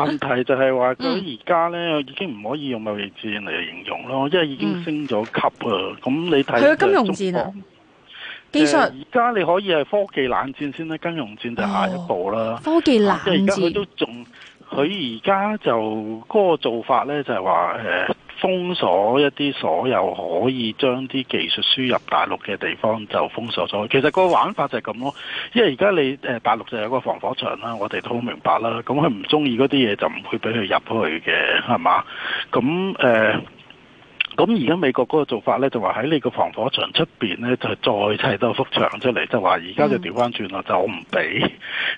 問題就係話佢而家咧，已經唔可以用貿易戰嚟形容咯，因為已經升咗級啊！咁、嗯、你睇佢金融戰、啊、呃、技術，而家你可以係科技冷戰先啦，金融戰就下一步啦、哦。科技冷戰，即係而家佢都仲，佢而家就嗰個做法咧就係話誒。呃封鎖一啲所有可以將啲技術輸入大陸嘅地方就封鎖咗，其實個玩法就係咁咯。因為而家你誒大陸就有個防火牆啦，我哋都好明白啦。咁佢唔中意嗰啲嘢就唔會俾佢入去嘅，係嘛？咁誒。呃咁而家美國嗰個做法咧，就話喺你個防火牆出邊咧，就再砌多幅牆出嚟，就話而家就調翻轉啦，嗯、就我唔俾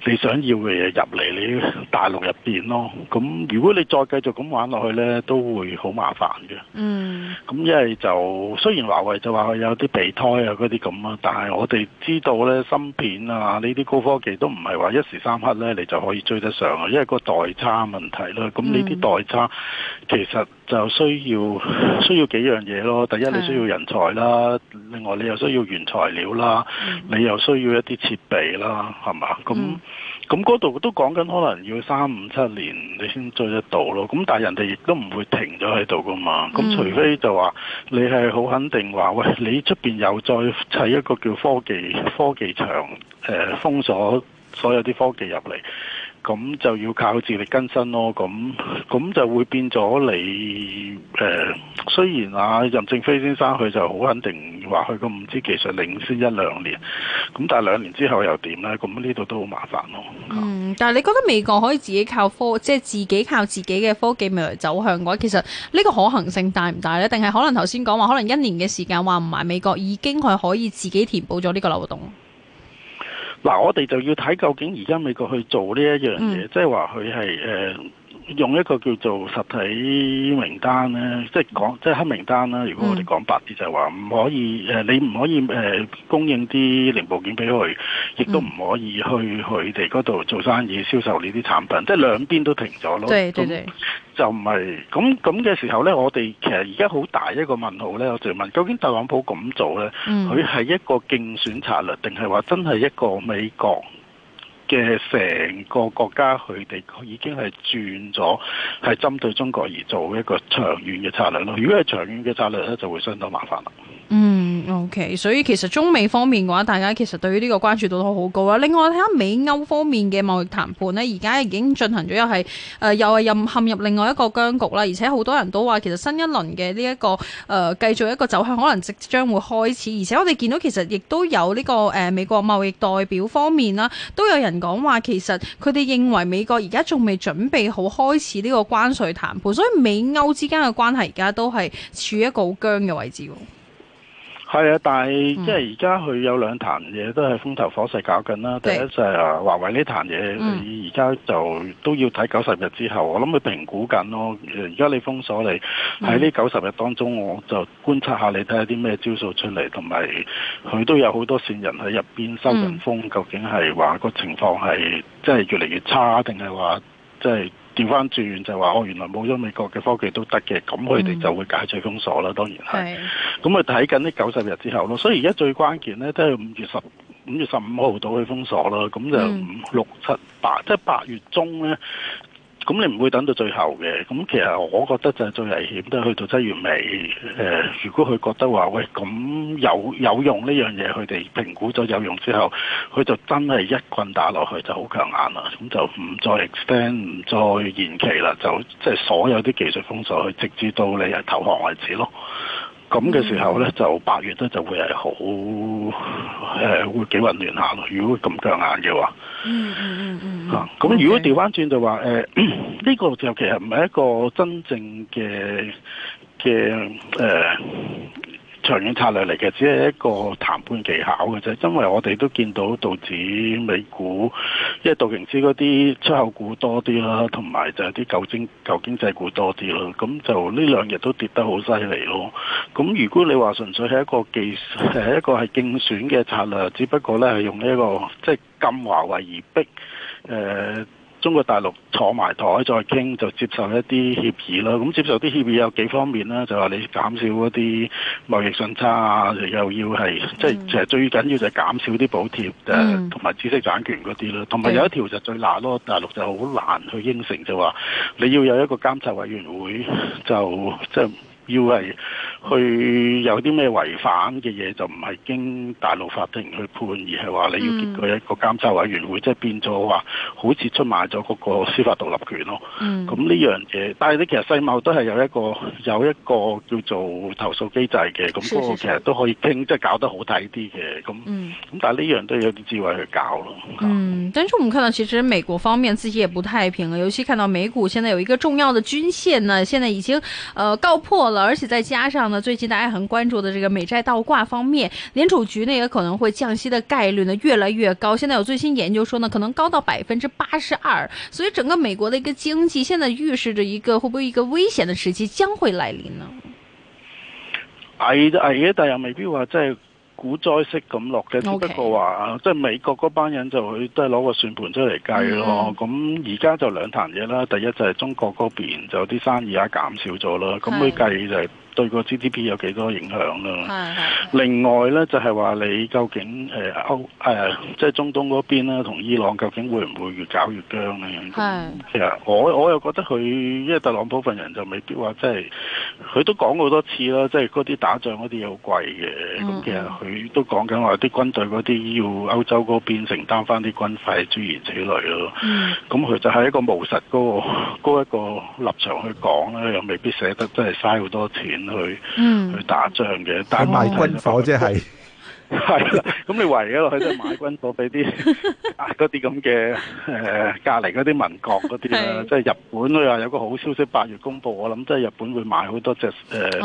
你想要嘅嘢入嚟你大陸入邊咯。咁如果你再繼續咁玩落去咧，都會好麻煩嘅。嗯，咁因為就雖然華為就話佢有啲備胎啊嗰啲咁啊，但係我哋知道咧，芯片啊呢啲高科技都唔係話一時三刻咧，你就可以追得上嘅，因為個代差問題啦。咁呢啲代差其實。嗯就需要需要幾樣嘢咯，第一你需要人才啦，的另外你又需要原材料啦，嗯、你又需要一啲設備啦，係嘛？咁咁嗰度都講緊，可能要三五七年你先追得到咯。咁但係人哋亦都唔會停咗喺度噶嘛。咁、嗯、除非就話你係好肯定話：「喂，你出邊又再砌一個叫科技科技牆誒、呃，封鎖所有啲科技入嚟。咁就要靠自力更生咯，咁咁就會變咗你誒、呃。雖然啊，任正非先生佢就好肯定話佢個五 G 技術領先一兩年，咁但係兩年之後又點呢？咁呢度都好麻煩咯。嗯，但係你覺得美國可以自己靠科，即係自己靠自己嘅科技未來走向嘅話，其實呢個可行性大唔大呢？定係可能頭先講話，可能一年嘅時間話唔埋美國已經係可以自己填補咗呢個漏洞。嗱，我哋就要睇究竟而家美國去做呢一樣嘢，嗯、即係話佢係誒。Uh, 用一個叫做實體名單咧，即係講即係黑名單啦。如果我哋講白啲就係話，唔、嗯、可以誒，你唔可以誒供應啲零部件俾佢，亦都唔可以去佢哋嗰度做生意銷售呢啲產品，嗯、即係兩邊都停咗咯。對對對就唔係咁咁嘅時候咧，我哋其實而家好大一個問號咧。我就問，究竟特朗普咁做咧，佢係、嗯、一個競選策略，定係話真係一個美國？嘅成個國家，佢哋已經係轉咗，係針對中國而做一個長遠嘅策略咯。如果係長遠嘅策略咧，就會相當麻煩啦。嗯，OK，所以其實中美方面嘅話，大家其實對於呢個關注度都好高啦。另外睇下美歐方面嘅貿易談判呢，而家已經進行咗又係，誒、呃、又係任陷入另外一個僵局啦。而且好多人都話，其實新一輪嘅呢一個誒繼、呃、續一個走向，可能即將會開始。而且我哋見到其實亦都有呢、這個誒、呃、美國貿易代表方面啦，都有人講話，其實佢哋認為美國而家仲未準備好開始呢個關稅談判，所以美歐之間嘅關係而家都係處於一個好僵嘅位置。係啊，但係即係而家佢有兩壇嘢都係風頭火勢搞緊啦。嗯、第一就係華為呢壇嘢，嗯、你而家就都要睇九十日之後，我諗佢評估緊咯。而家你封鎖你喺呢九十日當中，我就觀察下你，睇下啲咩招數出嚟，同埋佢都有好多線人喺入邊收緊風，嗯、究竟係話個情況係即係越嚟越差，定係話即係？調翻轉就話，我、哦、原來冇咗美國嘅科技都得嘅，咁佢哋就會解除封鎖啦。當然係，咁啊睇緊呢九十日之後咯。所以而家最關鍵咧都係五月十、五月十五號到去封鎖啦。咁就五六七八，即係八月中咧。咁你唔會等到最後嘅，咁其實我覺得就係最危險，都係去到七月尾。誒、呃，如果佢覺得話，喂，咁有有用呢樣嘢，佢哋評估咗有用之後，佢就真係一棍打落去就好強硬啦，咁就唔再 extend，唔再延期啦，就即係、就是、所有啲技術封鎖，佢直至到你係投降為止咯。咁嘅時候咧，就八月咧就會係好誒，會幾混亂下咯。如果咁強硬嘅話，嗯嗯嗯嗯，嚇。咁如果調翻轉就話誒，呢、呃這個就其實唔係一個真正嘅嘅誒。長遠策略嚟嘅，只係一個談判技巧嘅啫。因為我哋都見到道指、美股，因為道瓊斯嗰啲出口股多啲啦，同埋就係啲舊經舊經濟股多啲啦。咁就呢兩日都跌得好犀利咯。咁如果你話純粹係一個技，誒一個係競選嘅策略，只不過咧係用呢、這、一個即係禁華為而逼，誒、呃。中國大陸坐埋枱再傾，就接受一啲協議咯。咁接受啲協議有幾方面啦，就話你減少嗰啲貿易順差啊，又要係、嗯、即係其實最緊要就係減少啲補貼誒，同埋、嗯、知識產權嗰啲咯。同埋有，有一條就最難咯，嗯、大陸就好難去應承，就話你要有一個監察委員會，就即係要係。去有啲咩違反嘅嘢就唔係經大陸法庭去判，而係話你要經過一個監察委員會，嗯、即係變咗話好似出賣咗嗰個司法獨立權咯。咁呢、嗯、樣嘢，但係你其實世貿都係有一個有一個叫做投訴機制嘅，咁嗰、嗯、個其實都可以傾，即係搞得好睇啲嘅。咁咁但係呢樣都有啲智慧去搞咯。嗯，但是我們看到其實美國方面自己也不太平，尤其看到美股現在有一個重要的均線呢，現在已經呃告破了，而且再加上。最近大家很關注的這個美債倒掛方面，聯儲局呢也可能會降息的概率呢越來越高。現在有最新研究說呢，可能高到百分之八十二，所以整個美國的一個經濟現在預示着一個會不會一個危險的時期將會來臨呢？危就危嘅，但又未必話真係股災式咁落嘅，Okay. 只不過話即係美國嗰班人就去都係攞個算盤出嚟計咯。咁而家就兩壇嘢啦，第一就係中國嗰邊就啲生意啊減少咗啦，咁佢計就係。對個 GDP 有幾多影響㗎？係係。另外咧，就係、是、話你究竟誒、呃、歐誒、哎，即係中東嗰邊咧，同伊朗究竟會唔會越搞越僵咧？係。是是 其實我我又覺得佢，因為特朗普份人就未必話即係，佢都講好多次啦，即係嗰啲打仗嗰啲又好貴嘅。咁是是 其實佢都講緊話啲軍隊嗰啲要歐洲嗰邊承擔翻啲軍費諸如此類咯。咁佢是是 的就係一個務實嗰個一個立場去講啦，又未必捨得真係嘥好多錢。去去打仗嘅，但係賣軍火即係。係啦，咁你圍咗落去都買軍火俾啲啊，嗰啲咁嘅誒，隔籬嗰啲民國嗰啲啦，即係日本啊，有個好消息八月公佈，我諗即係日本會買好多隻誒，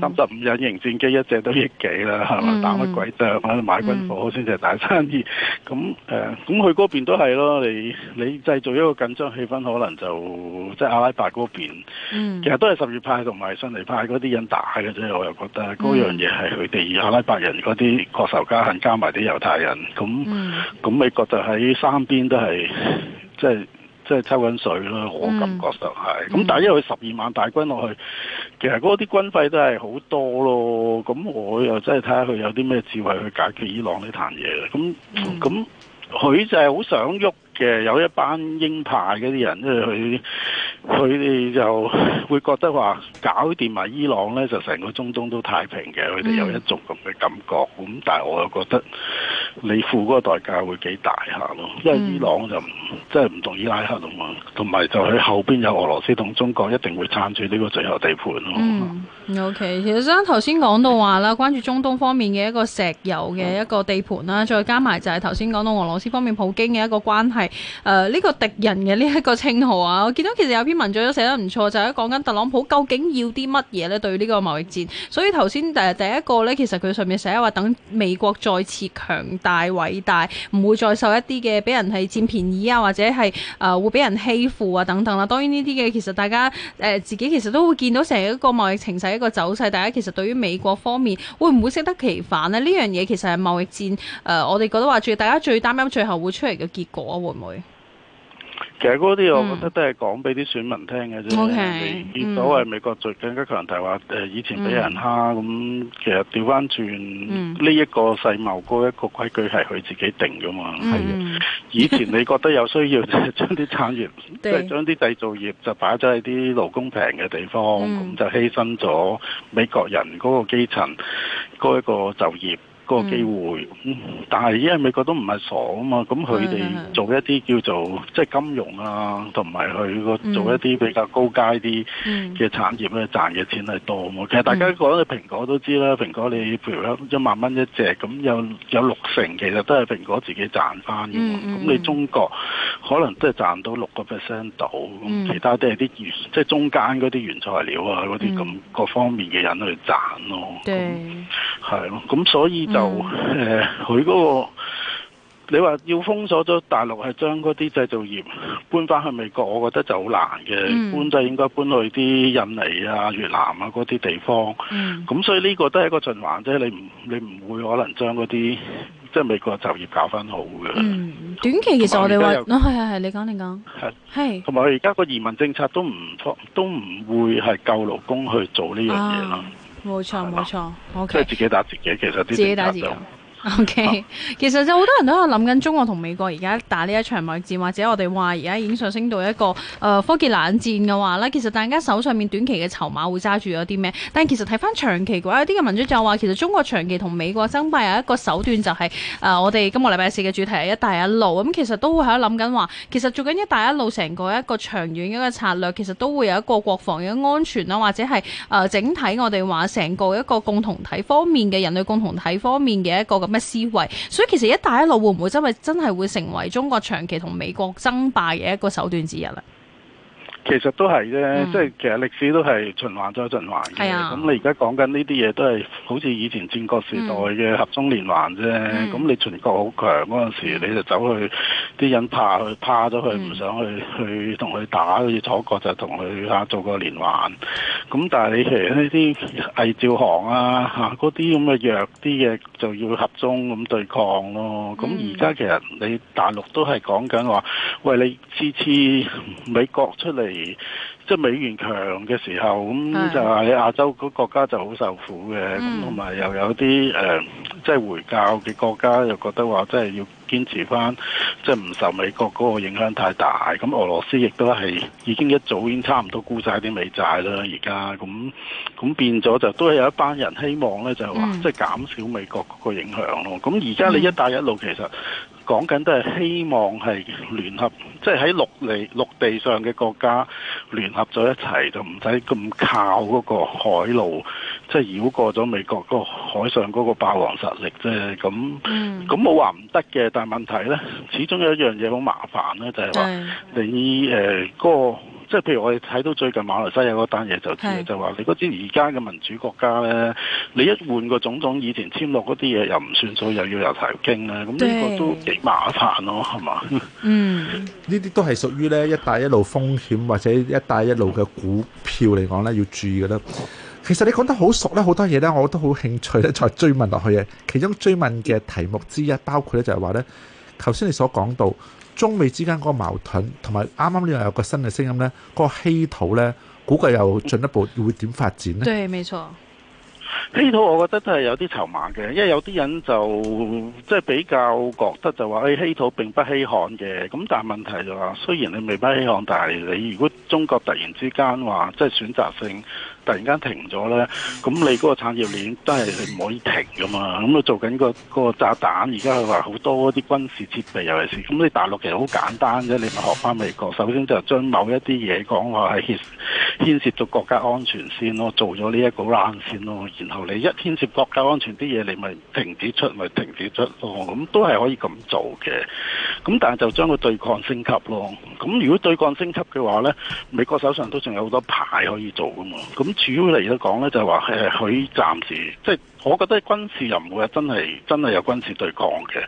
三十五隱形戰機一隻都億幾啦，係咪？打乜鬼仗啊，買軍火先至係大生意，咁誒，咁佢嗰邊都係咯，你你製造一個緊張氣氛，可能就即係阿拉伯嗰邊，其實都係什葉派同埋遜尼派嗰啲人打嘅啫，我又覺得嗰樣嘢係佢哋阿拉伯人嗰啲。各受加恨，加埋啲猶太人，咁咁、嗯、美國就喺山邊都係，即係即係抽緊水啦。我感覺就係、是，咁、嗯、但係因為佢十二萬大軍落去，其實嗰啲軍費都係好多咯。咁我又真係睇下佢有啲咩智慧去解決伊朗呢壇嘢嘅。咁咁佢就係好想喐。嘅有一班鷹派嗰啲人，即係佢佢哋就會覺得話搞掂埋伊朗咧，就成個中東都太平嘅。佢哋有一種咁嘅感覺。咁、嗯、但係我又覺得你付嗰個代價會幾大下咯，因為伊朗就即係唔同伊拉克咁啊，同埋就喺後邊有俄羅斯同中國一定會撐住呢個最後地盤咯。嗯、嗎 o、okay, k 其實阿頭先講到話啦，關注中東方面嘅一個石油嘅一個地盤啦，嗯、再加埋就係頭先講到俄羅斯方面普京嘅一個關係。誒，呢、呃這個敵人嘅呢一個稱號啊，我見到其實有篇文章都寫得唔錯，就係講緊特朗普究竟要啲乜嘢咧？對呢個貿易戰，所以頭先誒第一個呢，其實佢上面寫話等美國再次強大偉大，唔會再受一啲嘅俾人係佔便宜啊，或者係誒、呃、會俾人欺負啊等等啦、啊。當然呢啲嘅其實大家誒、呃、自己其實都會見到成一個貿易情勢一個走勢，大家其實對於美國方面會唔會適得其反呢？呢樣嘢其實係貿易戰誒、呃，我哋覺得話最大家最擔心最後會出嚟嘅結果，啊。會唔會？其實嗰啲我覺得都係講俾啲選民聽嘅啫。Okay, 所謂美國最近加強提話，誒，以前俾人蝦咁，嗯、其實調翻轉呢一個世貿嗰一個規矩係佢自己定噶嘛。係、嗯、的以前你覺得有需要就將啲產業，即係將啲製造業就擺咗喺啲勞工平嘅地方，咁、嗯、就犧牲咗美國人嗰個基層嗰一個就業。個機會，嗯、但係因為美國都唔係傻啊嘛，咁佢哋做一啲叫做即係金融啊，同埋佢做一啲比較高階啲嘅產業咧，嗯、賺嘅錢係多啊嘛。其實大家覺得，蘋果都知啦，蘋果你譬如一萬蚊一隻，咁有有六成其實都係蘋果自己賺翻，咁、嗯、你中國可能都係賺到六個 percent 到，咁其他都係啲即係中間嗰啲原材料啊嗰啲咁各方面嘅人去賺咯，係咯對，咁所以就。就誒，佢嗰、嗯呃嗰個你話要封鎖咗大陸，係將嗰啲製造業搬翻去美國，我覺得就好難嘅。嗯、搬就係應該搬去啲印尼啊、越南啊嗰啲地方。咁、嗯、所以呢個都係一個循環啫。你唔你唔會可能將嗰啲即係美國就業搞翻好嘅。嗯，短期其實我哋話，係係係，你講你講，係係的，同埋而家個移民政策都唔錯，都唔會係夠勞工去做呢樣嘢咯。啊冇錯冇錯，我即係自己打自己，其實自己打自己。O、okay, K，其實就好多人都喺度諗緊中國同美國而家打呢一場貿易戰，或者我哋話而家已經上升到一個誒、呃、科技冷戰嘅話咧，其實大家手上面短期嘅籌碼會揸住咗啲咩？但其實睇翻長期嘅話，有啲嘅文章就話，其實中國長期同美國爭霸有一個手段就係、是、誒、呃，我哋今個禮拜四嘅主題係一帶一路，咁其實都會喺度諗緊話，其實做緊一帶一路成個一個長遠嘅策略，其實都會有一個國防嘅安全啦，或者係誒、呃、整體我哋話成個一個共同體方面嘅人類共同體方面嘅一個咩思維？所以其實一帶一路會唔會真係真係會成為中國長期同美國爭霸嘅一個手段之一咧？其實都係啫，嗯、即係其實歷史都係循環再循環嘅。咁、啊、你而家講緊呢啲嘢都係好似以前戰國時代嘅合縱連環啫。咁、嗯、你秦國好強嗰陣時，嗯、你就走去啲人怕佢怕咗佢唔想去去同佢打，好似楚國就同佢嚇做個連環。咁但係你其實呢啲魏趙韓啊嚇嗰啲咁嘅弱啲嘅就要合縱咁對抗咯。咁而家其實你大陸都係講緊話，喂，你次次美國出嚟。即係美元強嘅時候，咁是就係亞洲嗰國家就好受苦嘅，同埋又有啲誒，即、呃、係、就是、回教嘅國家又覺得話，即係要堅持翻，即係唔受美國嗰個影響太大。咁俄羅斯亦都係已經一早已經差唔多沽晒啲美債啦，而家咁咁變咗就都係有一班人希望呢，就係話即係減少美國嗰個影響咯。咁而家你一帶一路其實。嗯嗯講緊都係希望係聯合，即係喺陸地陸地上嘅國家聯合咗一齊，就唔使咁靠嗰個海路，即係繞過咗美國個海上嗰個霸王實力啫。咁咁冇話唔得嘅，但係問題咧，始終有一樣嘢好麻煩咧，就係話你誒嗰個、嗯呃嗰個即係譬如我哋睇到最近馬來西亞有一單嘢就知，是就話你嗰啲而家嘅民主國家咧，你一換個總統，以前簽落嗰啲嘢又唔算數，又要又提經啦，咁呢對個都幾麻煩咯，係嘛？嗯，呢啲都係屬於咧一帶一路風險或者一帶一路嘅股票嚟講咧要注意嘅啦。其實你講得好熟咧，好多嘢咧，我都好興趣咧再追問落去嘅。其中追問嘅題目之一，包括咧就係話咧，頭先你所講到。中美之間嗰個矛盾，同埋啱啱呢度有，剛剛有個新嘅聲音呢。嗰、那個稀土呢，估計又進一步會點發展呢？對，冇錯，稀土我覺得都係有啲籌碼嘅，因為有啲人就即係、就是、比較覺得就話，誒、哎、稀土並不稀罕嘅，咁但係問題就話，雖然你未必稀罕，但係你如果中國突然之間話即係選擇性。突然間停咗咧，咁你嗰個產業鏈真係唔可以停噶嘛？咁你做緊個個炸彈，而家話好多啲軍事設備尤其是，咁你大陸其實好簡單啫，你咪學翻美國，首先就將某一啲嘢講話係牽涉到國家安全先咯，做咗呢一個欄先咯，然後你一牽涉國家安全啲嘢，你咪停止出，咪停止出咯，咁都係可以咁做嘅。咁但係就將個對抗升級咯。咁如果對抗升級嘅話咧，美國手上都仲有好多牌可以做噶嘛。咁主要嚟都講咧，就係話誒，佢、呃、暫時即係，我覺得軍事又唔會係真係真係有軍事對抗嘅。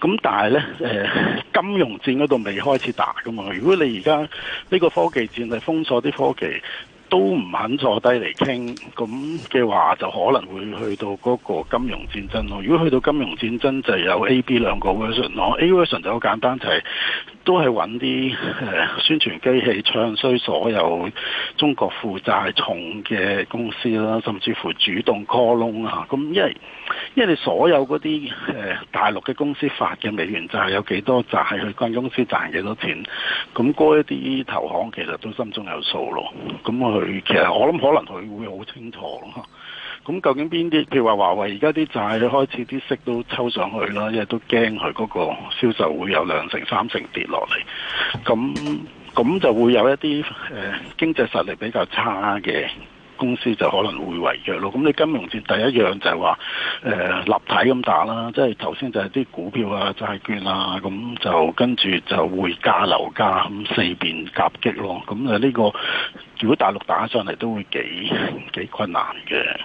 咁但係咧誒，呃、金融戰嗰度未開始打噶嘛。如果你而家呢個科技戰係封鎖啲科技。都唔肯坐低嚟傾，咁嘅話就可能會去到嗰個金融戰爭咯。如果去到金融戰爭，就有 AB 兩 version，mm hmm. A、B 兩個 version。我 A version 就好簡單，就是，就係都係揾啲宣傳機器，唱衰所有中國負債重嘅公司啦，甚至乎主動 call loan 啊。咁因為因為你所有嗰啲誒大陸嘅公司發嘅美元債有幾多債，就係佢間公司賺幾多錢。咁嗰一啲投行其實都心中有數咯。咁我。佢其實我諗可能佢會好清楚咯，咁究竟邊啲？譬如話華為而家啲債開始啲息都抽上去啦，因為都驚佢嗰個銷售會有兩成三成跌落嚟，咁咁就會有一啲誒、呃、經濟實力比較差嘅公司就可能會違約咯。咁你金融戰第一樣就係話，誒、呃、立體咁打啦，即係頭先就係啲股票啊、債券啊，咁就跟住、嗯、就會加樓價，咁四邊夾擊咯。咁誒呢個，如果大陸打上嚟都會幾幾困難嘅。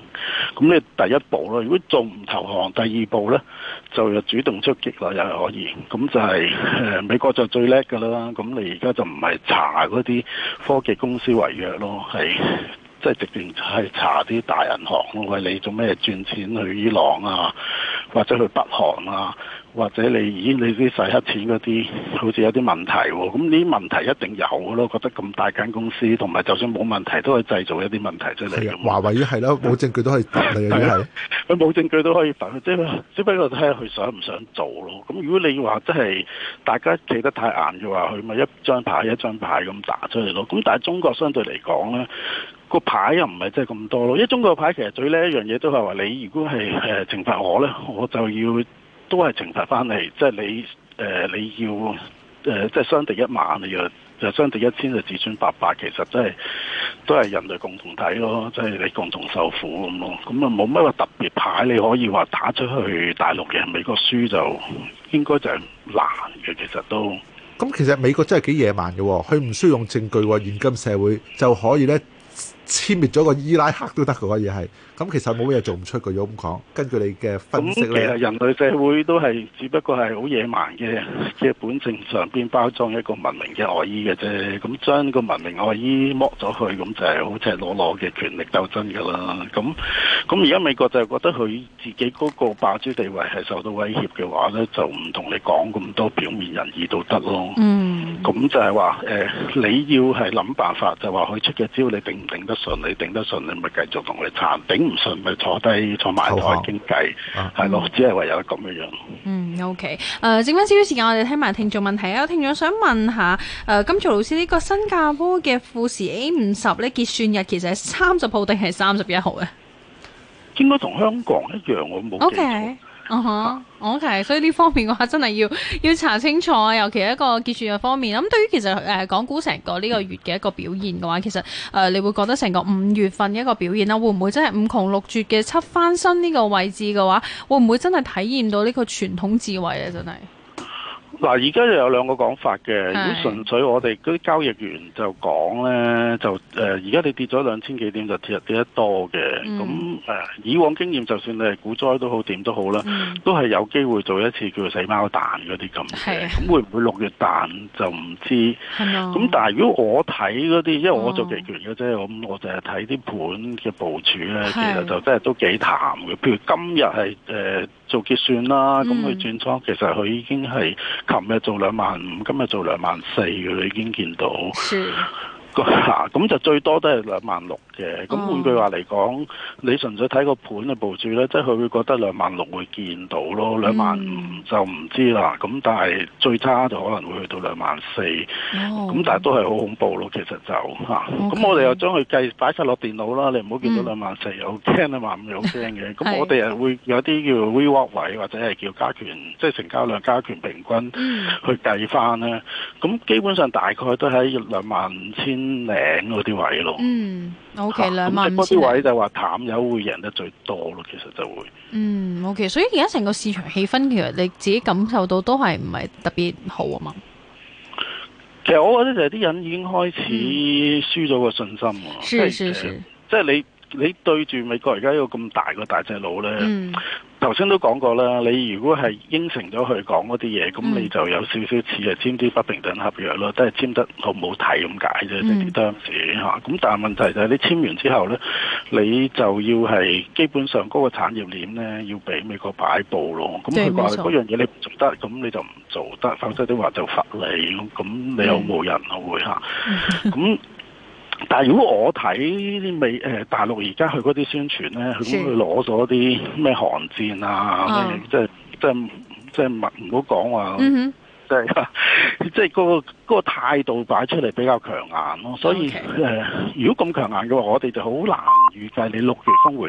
咁你第一步咯，如果做唔投降，第二步咧就主動出擊啦又係可以。咁就係、是、誒、呃、美國就最叻㗎啦。咁你而家就唔係查嗰啲科技公司違約咯，係。即係，直情係查啲大銀行咯，喂，你做咩轉錢去伊朗啊，或者去北韓啊？或者你已經你啲洗黑錢嗰啲，好似有啲問題喎、哦。咁呢啲問題一定有咯。覺得咁大間公司，同埋就算冇問題，都可以製造一啲問題出嚟嘅。華為都係咯，冇的證據都可以，佢冇的證據都可以反，即係的的只不過睇下佢想唔想做咯。咁、嗯、如果你話即係大家企得太硬嘅話，佢咪一張牌一張牌咁打出嚟咯。咁但係中國相對嚟講咧，個牌又唔係真係咁多咯。因為中國牌其實最叻一樣嘢都係話你如果係誒懲罰我咧，我就要。都係懲罰翻嚟，即係你誒、呃、你要誒，即係傷敵一萬，你要又傷敵一千，就自損八百。其實真、就、係、是、都係人類共同體咯，即係你共同受苦咁咯。咁啊冇乜話特別牌，你可以話打出去大陸嘅美國輸就應該就係難嘅。其實都咁，其實美國真係幾野蠻嘅，佢唔需要用證據，現今社會就可以咧。殲滅咗個伊拉克都得㗎，可以係咁，其實冇嘢做唔出，佢咁講。根據你嘅分析，其實人類社會都係只不過係好野蠻嘅，即、係、本性上邊包裝一個文明嘅外衣嘅啫。咁將個文明外衣剝咗佢，咁就係好似裸裸嘅權力鬥爭嘅啦。咁咁而家美國就係覺得佢自己嗰個霸主地位係受到威脅嘅話咧，就唔同你講咁多表面仁義道德咯。嗯，咁就係話誒，你要係諗辦法，就話佢出嘅招你頂唔頂得。信你頂得順，你咪繼續同佢撐；頂唔順咪坐低坐埋台傾偈，係咯，只係唯有咁樣樣。嗯，OK。誒，剩翻少少時間，我哋聽埋聽眾問題啊。有聽眾想問下誒金曹老師，呢個新加坡嘅富時 A 五十呢，結算日其實係三十號定係三十一號啊？應該同香港一樣，我冇。Okay 啊哈、uh huh，OK，所以呢方面嘅話真，真係要要查清楚啊，尤其一個結算方面。咁、嗯、對於其實誒港股成個呢個月嘅一個表現嘅話，其實誒、呃、你會覺得成個五月份一個表現啦，會唔會真係五窮六絕嘅七翻身呢個位置嘅話，會唔會真係體驗到呢個傳統智慧啊？真係。嗱，而家又有兩個講法嘅。如果純粹我哋嗰啲交易員就講咧，就誒，而、呃、家你跌咗兩千幾點，就跌入跌得多嘅。咁誒、嗯呃，以往經驗，就算你係股災都好，點、嗯、都好啦，都係有機會做一次叫做死貓彈嗰啲咁嘅。咁的會唔會六月彈就唔知？咁的但係如果我睇嗰啲，因為我做期權嘅啫，嗯、我我就係睇啲盤嘅部署咧，的的其實就真係都幾淡嘅。譬如今日係誒。呃呃做結算啦，咁佢轉倉，其實佢已經係琴日做兩萬五，今日做兩萬四嘅，你已經見到，個咁是 就最多都係兩萬六。嘅咁，換句話嚟講，oh. 你純粹睇個盤嘅部署咧，即係佢會覺得兩萬六會見到咯，兩萬五就唔知啦。咁但係最差就可能會去到兩萬四，咁但係都係好恐怖咯。其實就嚇，咁 Okay. 我哋又將佢計擺晒落電腦啦。你唔好見到兩萬四又好驚一萬五又好驚嘅。咁我哋係會有啲叫 VWAP 位或者係叫加權，即係成交量加權平均去計翻咧。咁、mm. 基本上大概都喺兩萬五千零嗰啲位咯。Mm. O K，兩萬五咁即啲位就話淡友會贏得最多咯。其實就會，嗯，O K，所以而家成個市場氣氛其實你自己感受到都係唔係特別好啊嘛。其實我覺得就係啲人已經開始輸咗個信心喎，係係係，即係你。你對住美國而家一個咁大個大隻佬呢，頭先、嗯、都講過啦。你如果係應承咗佢講嗰啲嘢，咁你就有少少似係簽啲不平等合約咯，即係簽得唔好睇咁解啫。當時嚇，咁但係問題就係你簽完之後呢，你就要係基本上嗰個產業鏈呢要俾美國擺佈咯。咁佢話嗰樣嘢你唔做得，咁你就唔做得，否則的話就罰你，咁你又冇人會嚇，咁。但係如果我睇啲美誒大陸而家去啲宣傳咧，佢去攞咗啲咩寒戰啊，即係即係即係唔好講話，即係即係嗰、啊 mm hmm. 嗰個嗰個態度擺出嚟比較強硬咯，啊。所以誒 Okay.、呃、如果咁強硬嘅話，我哋就好難預計你六月峰回。